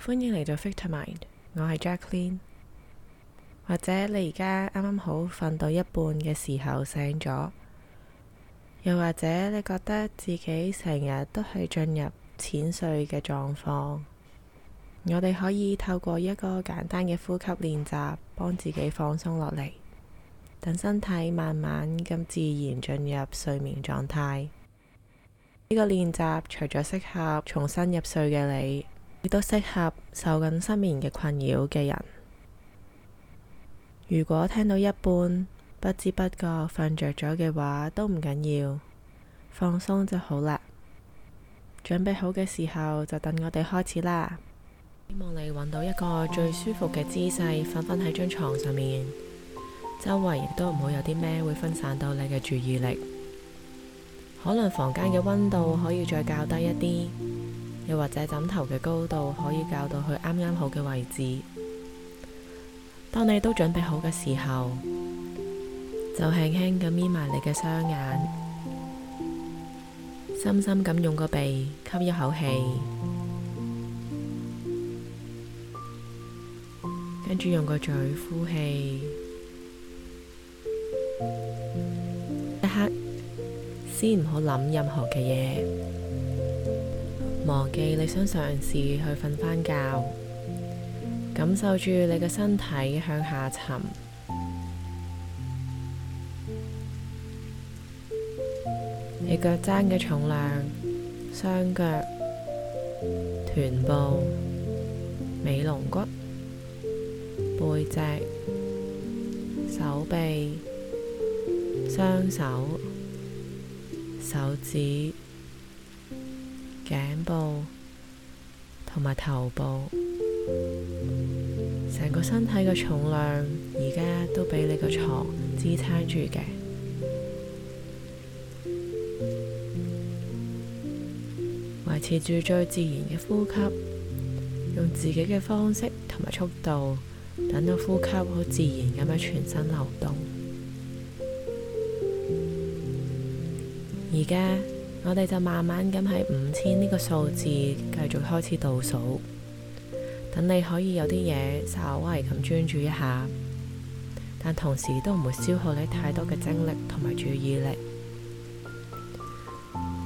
歡迎嚟到 Fiction Mind，我係 Jaclyn。或者你而家啱啱好瞓到一半嘅時候醒咗，又或者你覺得自己成日都係進入淺睡嘅狀況，我哋可以透過一個簡單嘅呼吸練習，幫自己放鬆落嚟，等身體慢慢咁自然進入睡眠狀態。呢個練習除咗適合重新入睡嘅你。都適合受緊失眠嘅困擾嘅人。如果聽到一半不知不覺瞓着咗嘅話，都唔緊要，放鬆就好啦。準備好嘅時候就等我哋開始啦。希望你搵到一個最舒服嘅姿勢，瞓翻喺張床上面。周圍亦都唔會有啲咩會分散到你嘅注意力。可能房間嘅溫度可以再較低一啲。又或者枕頭嘅高度可以校到去啱啱好嘅位置。當你都準備好嘅時候，就輕輕咁眯埋你嘅雙眼，深深咁用個鼻吸一口氣，跟住用個嘴呼氣。一刻先唔好諗任何嘅嘢。忘記你想嘗試，試去瞓返覺，感受住你嘅身體向下沉， 你腳踭嘅重量，雙腳、臀部、尾龍骨、背脊、手臂、雙手、手指。頸部同埋頭部，成個身體嘅重量而家都俾你個床支撐住嘅，維持住最自然嘅呼吸，用自己嘅方式同埋速度，等到呼吸好自然咁樣全身流動，而家。我哋就慢慢咁喺五千呢個數字繼續開始倒數，等你可以有啲嘢稍為咁專注一下，但同時都唔會消耗你太多嘅精力同埋注意力，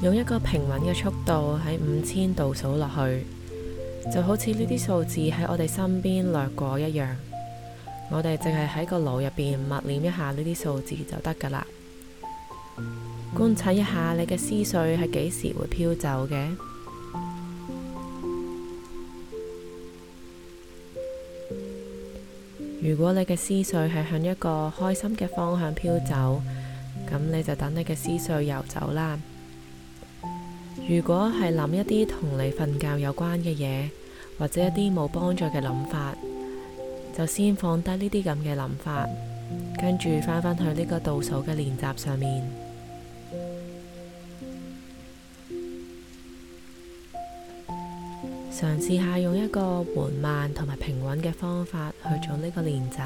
用一個平穩嘅速度喺五千倒數落去，就好似呢啲數字喺我哋身邊掠過一樣，我哋淨係喺個腦入邊默念一下呢啲數字就得噶啦。觀察一下你嘅思緒係幾時會飄走嘅？如果你嘅思緒係向一個開心嘅方向飄走，咁你就等你嘅思緒游走啦。如果係諗一啲同你瞓覺有關嘅嘢，或者一啲冇幫助嘅諗法，就先放低呢啲咁嘅諗法，跟住翻返去呢個倒數嘅練習上面。嘗試下用一個緩慢同埋平穩嘅方法去做呢個練習。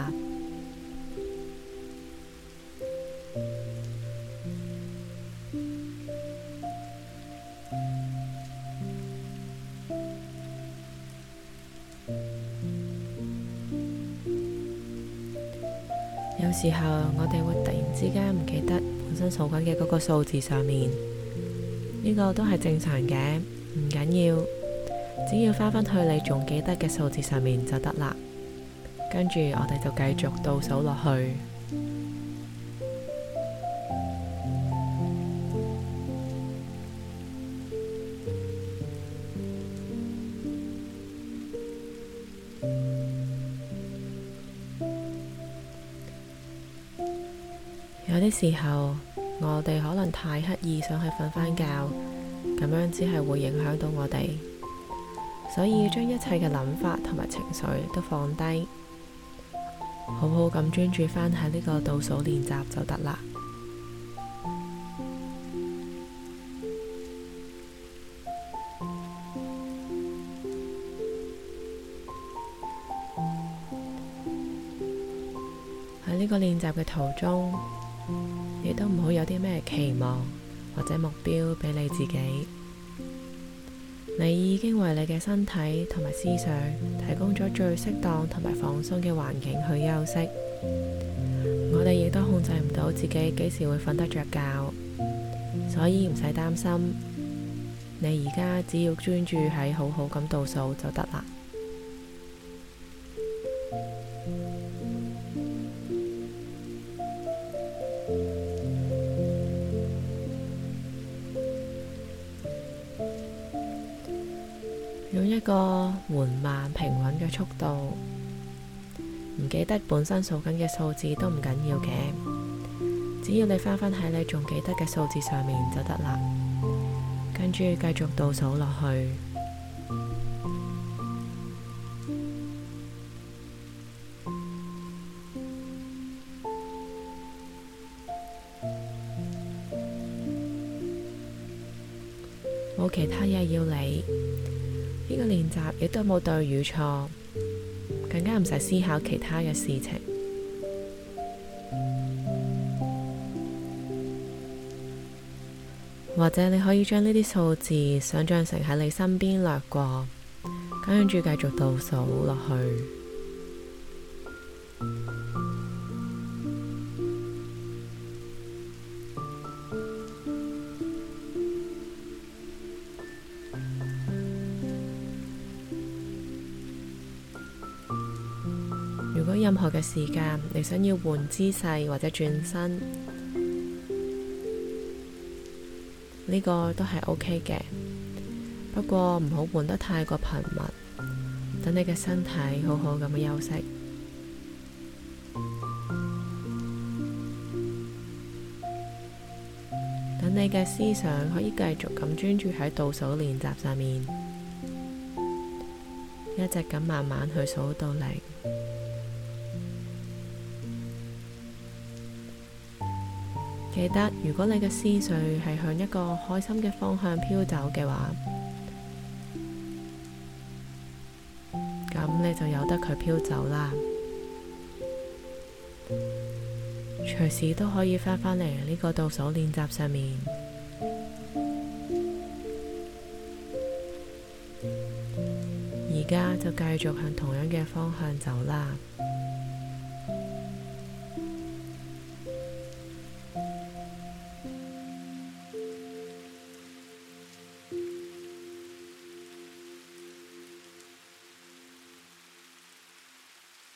有時候我哋會突然之間唔記得本身數緊嘅嗰個數字上面，呢、這個都係正常嘅，唔緊要。只要翻返去你仲記得嘅數字上面就得啦。跟住我哋就繼續倒數落去。 有啲時候我哋可能太刻意想去瞓返覺，咁樣只係會影響到我哋。所以將一切嘅諗法同埋情緒都放低，好好咁專注翻喺呢個倒數練習就得啦。喺呢個練習嘅途中，亦都唔好有啲咩期望或者目標俾你自己。你已經為你嘅身體同埋思想提供咗最適當同埋放鬆嘅環境去休息。我哋亦都控制唔到自己幾時會瞓得着覺，所以唔使擔心。你而家只要專注喺好好咁倒數就得啦。個緩慢平穩嘅速度，唔記得本身數緊嘅數字都唔緊要嘅，只要你翻返喺你仲記得嘅數字上面就得啦。跟住繼續倒數落去，冇其他嘢要理。呢個練習亦都冇對與錯，更加唔使思考其他嘅事情。或者你可以將呢啲數字想象成喺你身邊掠過，跟住繼續倒數落去。任何嘅時間，你想要換姿勢或者轉身，呢個都係 OK 嘅。不過唔好換得太過頻密，等你嘅身體好好咁休息，等你嘅思想可以繼續咁專注喺倒數練習上面，一直咁慢慢地去數到零。記得，如果你嘅思緒係向一個開心嘅方向飄走嘅話，咁你就由得佢飄走啦。隨時都可以翻返嚟呢個倒數練習上面。而家就繼續向同樣嘅方向走啦。